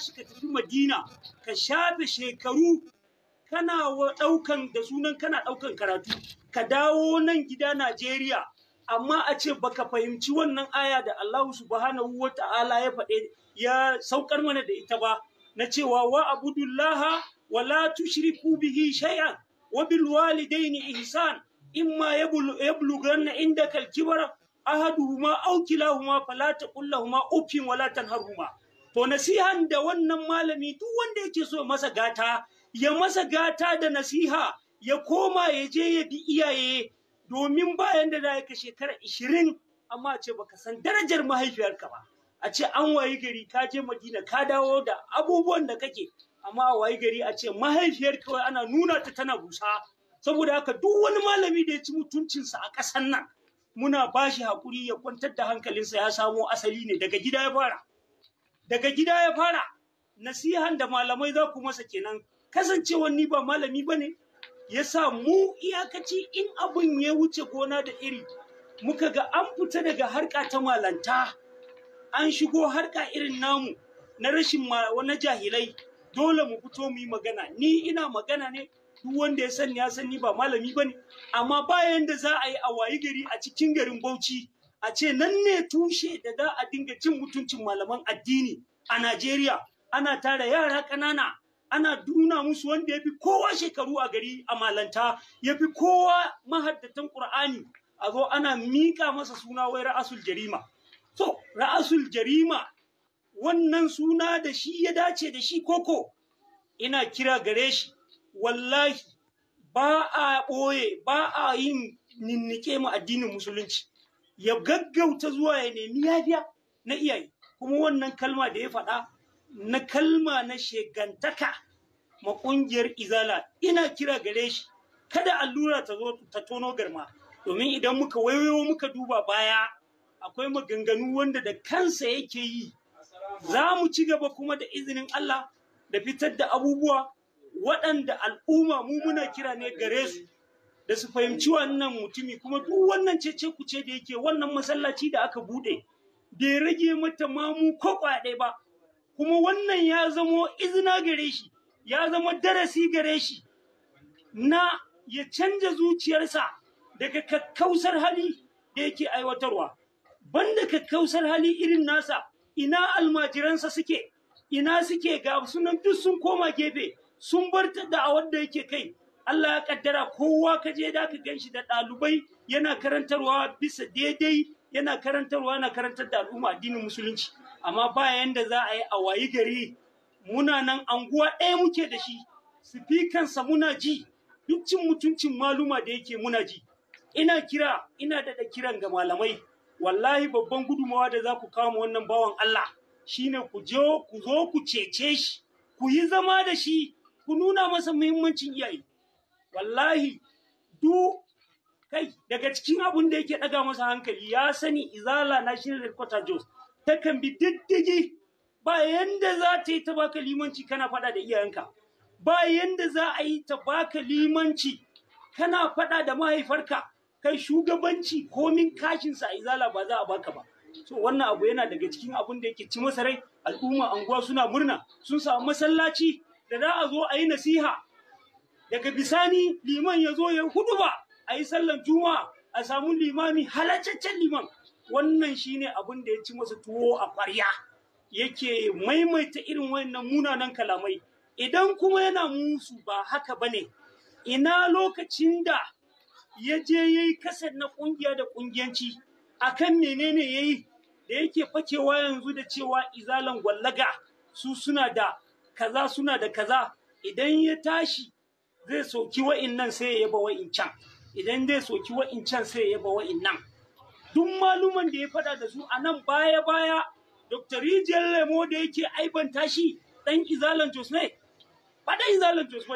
tashi ka tafi madina ka shafe shekaru kana ɗaukan da sunan kana ɗaukan karatu ka dawo nan gida najeriya amma a ce baka fahimci wannan aya da Allah subhanahu wa ya faɗe ya saukar mana da ita ba na cewa wa abudullaha wa la tushriku bihi shay'an wa bil walidaini ihsan imma yablughanna indaka al-kibra ahaduhuma aw kilahuma fala taqul lahumu uffin wa la to nasihan da wannan malami duk wanda yake so masa gata ya masa gata da nasiha ya koma ya je ya bi iyaye domin bayan da za ka shekara ishirin amma ce baka san darajar mahaifiyarka ba a ce an wayi gari ka je madina ka dawo da abubuwan da kake amma a wayi gari a ce mahaifiyar kawai ana nuna ta tana busa saboda haka duk wani malami da ya ci mutuncinsa a ƙasar nan muna bashi haƙuri ya kwantar da hankalinsa ya samo asali ne daga gida ya fara daga gida ya fara nasihan da malamai za ku masa kenan kasancewar ni ba malami ba ne ya sa mu iyakaci in abin ya wuce gona da iri muka ga an fita daga harka ta malanta an shigo harka irin namu na rashin wani jahilai dole mu fito mu yi magana ni ina magana ne duk wanda ya sani ya sani ba malami ba amma bayan da za a yi a wayi gari a cikin garin bauchi a ce nan ne tushe da za a dinga cin mutuncin malaman addini a Najeriya ana tara yara ƙanana ana duna musu wanda ya fi kowa shekaru a gari a malanta ya fi kowa mahaddatan ƙur'ani a zo ana miƙa masa suna wai ra'asul jarima to ra'asul jarima wannan suna da shi ya dace da shi koko ina kira gare shi wallahi ba a ɓoye ba a yin ninnike mu addinin musulunci ya gaggauta zuwa ya nemi yafiya na iyaye kuma wannan kalma da ya faɗa na kalma na shegantaka ma ƙungiyar izala ina kira gare shi kada allura ta zo ta tono garma domin idan muka wayoyo muka duba baya akwai maganganu wanda da kansa yake yi za mu ci gaba kuma da izinin Allah da fitar da abubuwa waɗanda al'umma mu muna kira ne gare su da su fahimci wannan mutumi kuma duk wannan cece ce da yake wannan masallaci da aka bude bai rage mata mamu ko kwaɗe ba kuma wannan ya zamo izina gare shi ya zama darasi gare shi na ya canja zuciyarsa daga kakkausar hali da yake aiwatarwa banda kakkausar hali irin nasa ina almajiransa suke ina suke ga sunan duk sun koma gefe sun bar da'awar da yake kai Allah ya kaddara kowa ka je da ka shi da ɗalibai yana karantarwa bisa daidai yana karantarwa na karantar da al'umma addinin musulunci amma ba yanda za a yi a wayi gari muna nan anguwa ɗaya muke da shi sifikansa muna ji duk cin mutuncin maluma da yake muna ji ina kira ina daɗa kiran ga malamai wallahi babban gudumawa da za ku kama wannan bawan Allah shine ku je ku zo ku cece shi ku yi zama da shi ku nuna masa muhimmancin iyaye wallahi du kai daga cikin abun da yake daga masa hankali ya sani izala national headquarters jos takan bi diddigi ba yanda za ta yi ta baka limanci kana fada da iyayenka ba yanda za a yi ta baka limanci kana fada da mahaifarka kai shugabanci komin kashinsa a izala ba za a baka ba so wannan abu yana daga cikin abun da yake ci masa rai al'umma anguwa suna murna sun samu masallaci da za a zo a yi nasiha daga bisani liman ya zo ya ba. a yi sallar juma'a a samu limami halacaccen liman wannan shine abin da ya ci masa tuwo a kwarya yake maimaita irin wannan munanan kalamai idan kuma yana musu ba haka bane ina lokacin da ya je ya yi kasar na kungiya da kungiyanci akan menene ya yi da yake fakewa yanzu da cewa izalan gwallaga su suna da kaza suna da kaza idan ya tashi zai soki wa'innan sai ya yaba can idan zai soki wa'incan sai ya yaba nan, duk maluman da ya fada da su a nan baya baya dr rijiyar lemo da yake aibanta shi dan izalan jos ne ba dan izalan jos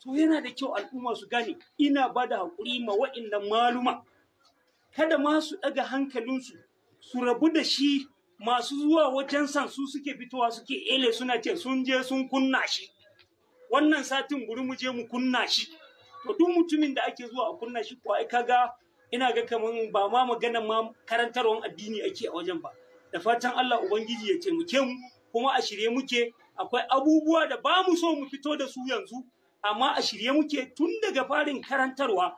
to yana da kyau al'umma su gane ina ba da haƙuri ma nan maluma kada ma su ɗaga hankalinsu su rabu da shi masu zuwa wajen san su suke fitowa suke ele suna ce sun je sun kunna shi wannan satin buri mu je mu kunna shi to duk mutumin da ake zuwa a kunna shi ko ai kaga ina ga kaman ba ma magana ma karantarwan addini ake a wajen ba da fatan Allah ubangiji ya taimake mu kuma a shirye muke akwai abubuwa da ba mu so mu fito da su yanzu amma a shirye muke tun daga farin karantarwa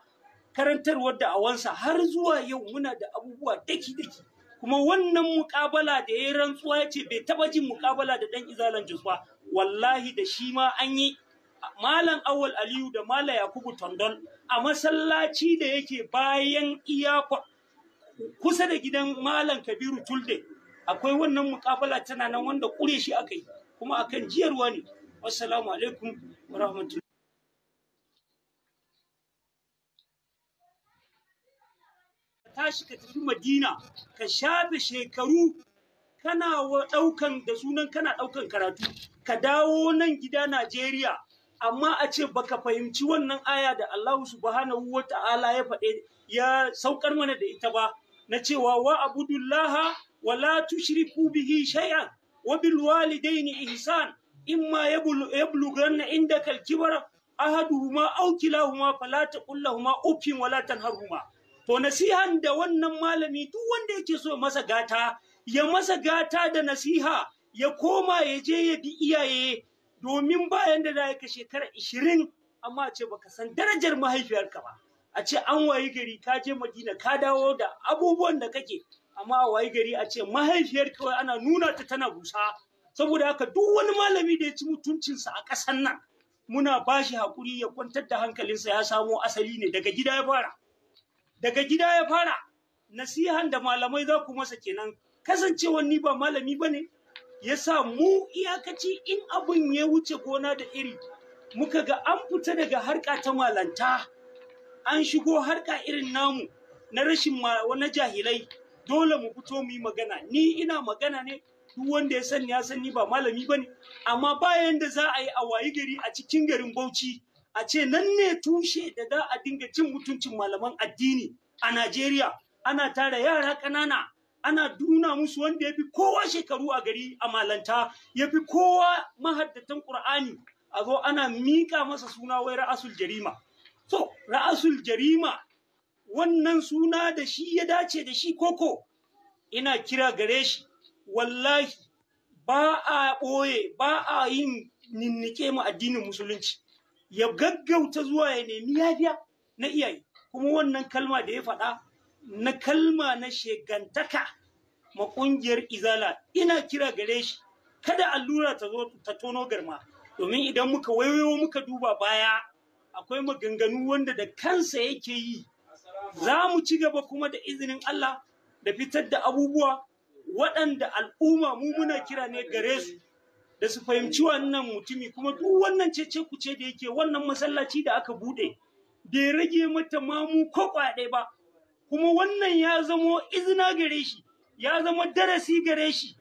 karantarwar da awansa har zuwa yau muna da abubuwa daki daki kuma wannan mukabala da ya yi rantsuwa ya ce bai taba jin mukabala da dan izalan jus ba wallahi da shi ma an yi malam awal aliyu da mala yakubu tondon a masallaci da yake bayan iyakwa kusa da gidan malam kabiru tulde akwai wannan mukabala tana nan wanda kure shi aka yi kuma akan jiyarwa ne wassalamu alaikum wa rahmatullahi tashi ka tafi madina ka shafe shekaru kana daukan ɗaukan da sunan kana ɗaukan karatu ka dawo nan gida najeriya amma a ce baka fahimci wannan aya da allahu subhanahu wa ta'ala ya faɗe ya saukar mana da ita ba na cewa wa abudullaha wa la tushriku bihi shay'an wa bil walidaini ihsan imma yablughanna indaka al-kibra ahaduhuma aw kilahuma fala taqul lahumā uffin wa la tanharhumā to nasihan da wannan malami duk wanda yake so masa gata ya masa gata da nasiha ya koma ya je ya bi iyaye domin bayan da za ka shekara ishirin amma ce baka san darajar mahaifiyarka ba a ce an wayi gari ka je madina ka dawo da abubuwan da kake amma a wayi gari a ce mahaifiyarka wai ana nuna ta tana busa saboda haka duk wani malami da ya ci mutuncinsa a ƙasar nan muna bashi haƙuri ya kwantar da hankalinsa ya samo asali ne daga gida ya fara daga gida ya fara nasihan da malamai za ku masa kenan kasancewar ni ba malami ba ne ya sa mu iyakaci in abin ya wuce gona da iri muka ga an fita daga harka ta malanta an shigo harka irin namu na rashin wani jahilai dole mu fito mu yi magana ni ina magana ne duk wanda ya sani ya sani ba malami ba ne amma bayan da za a yi a wayi gari a cikin garin bauchi a ce nan ne tushe da za a dinga cin mutuncin malaman addini a Najeriya ana tara yara ƙanana ana duna musu wanda ya fi kowa shekaru a gari a malanta ya fi kowa mahaddatan ƙur'ani a zo ana miƙa masa suna wai ra'asul jarima to ra'asul jarima wannan suna da shi ya dace da shi koko ina kira gare shi wallahi ba a ɓoye ba a yin ninnike mu addinin musulunci ya gaggauta zuwa ya nemi yafiya na iyaye kuma wannan kalma da ya faɗa na kalma na shegantaka ma ƙungiyar izala ina kira gare shi kada allura ta zo ta tono garma domin idan muka wayoyo muka duba baya akwai maganganu wanda da kansa yake yi za mu ci gaba kuma da izinin Allah da fitar da abubuwa waɗanda al'umma mu muna kira ne gare su da su fahimci wannan mutumi kuma duk wannan cece kuce da yake wannan masallaci da aka bude da ya rage mata mamu ko kwaɗe ba kuma wannan ya zamo izina gare shi ya zama darasi gare shi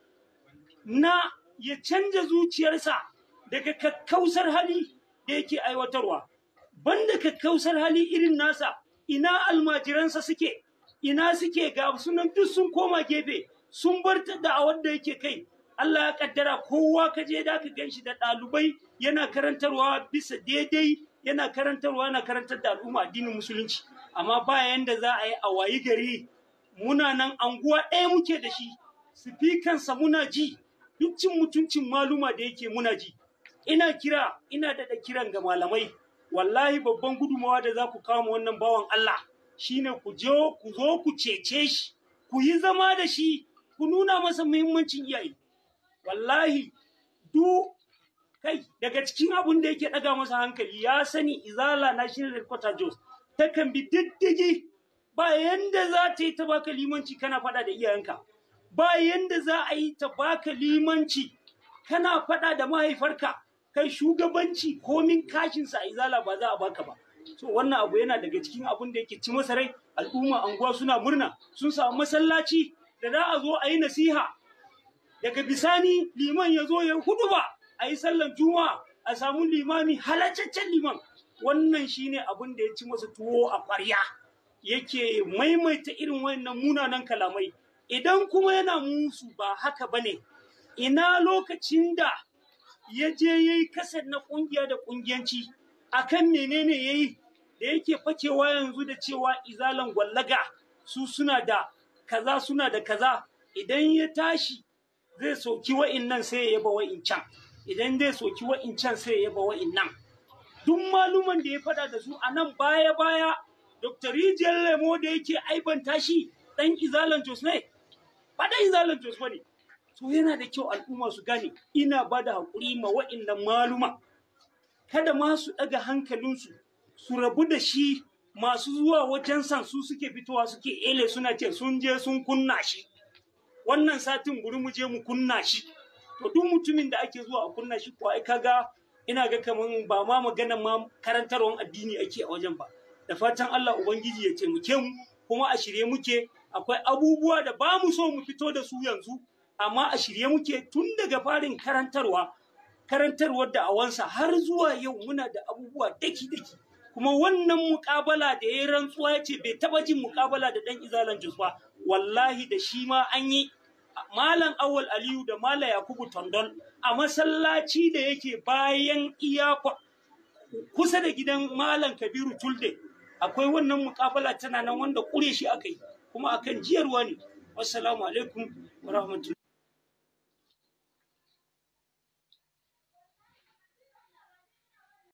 na ya canja zuciyarsa daga kakkausar hali da yake aiwatarwa banda kakkausar hali irin nasa ina almajiransa suke ina suke ga sunan duk sun koma gefe sun bar da da'awar da yake kai Allah ya kaddara kowa ka je da ka ganshi da ɗalibai yana karantarwa bisa daidai yana karantarwa na karantar da al'umma addinin musulunci amma ba yanda za a yi a wayi gari muna nan anguwa ɗaya muke da shi sifikansa muna ji duk cin mutuncin maluma da yake muna ji ina kira ina daɗa kiran ga malamai wallahi babban gudumawa da za ku kama wannan bawan Allah shine ku je ku zo ku cece shi ku yi zama da shi ku nuna masa muhimmancin iyaye wallahi du kai daga cikin abun da yake daga masa hankali ya sani izala national headquarter jos takan bi diddigi ba yanda za ta yi ta baka limanci kana fada da iyayenka ba yanda za a yi ta baka limanci kana fada da mahaifarka kai shugabanci komin kashinsa a izala ba za a baka ba so wannan abu yana daga cikin abun da yake ci masarai al'umma anguwa suna murna sun samu masallaci da za a zo a yi nasiha daga bisani liman ya zo ya hudu ba a yi sallan juma'a a samu limami halacaccen liman wannan shine abin da ya ci masa tuwo a ƙwarya yake maimaita irin wannan munanan kalamai idan kuma yana musu ba haka ba ne, ina lokacin da ya je ya yi kasar na ƙungiya da ƙungiyanci akan menene ya yi da yake fakewa yanzu da cewa izalan gwallaga su suna da kaza suna da kaza idan ya tashi zai soki wa'innan sai ya yaba can idan zai soki wa'incan sai ya yaba wa'innan duk maluman da ya fada da su a nan baya baya dr rijiyar lemo da yake aiban ɗan dan izalan jos ne ba dan izalan jos ne to yana da kyau al'umma su gane ina ba da haƙuri ma wa'in nan maluma kada ma su ɗaga hankalinsu su rabu da shi masu zuwa wajen san su suke fitowa suke ele suna ce sun je sun kunna shi wannan satin buri mu je mu kunna shi to duk mutumin da ake zuwa a kunna shi ko ai kaga ina ga kaman ba ma magana ma karantarwan addini ake a wajen ba da fatan Allah ubangiji ya taimake mu kuma a shirye muke akwai abubuwa da ba mu so mu fito da su yanzu amma a shirye muke tun daga farin karantarwa karantarwar da awansa har zuwa yau muna da abubuwa daki daki kuma wannan mukabala da ya rantsuwa ya ce bai taba jin mukabala da dan izalan jus ba wallahi da shi ma an yi Malam Awal Aliyu da Malam Yakubu Tondon a masallaci da yake bayan iyakwa kusa da gidan Malam Kabiru Tulde akwai wannan mukabala tana nan wanda kure shi aka yi kuma akan jiyarwa ne. Wassalamu alaikum wa rahmatullahi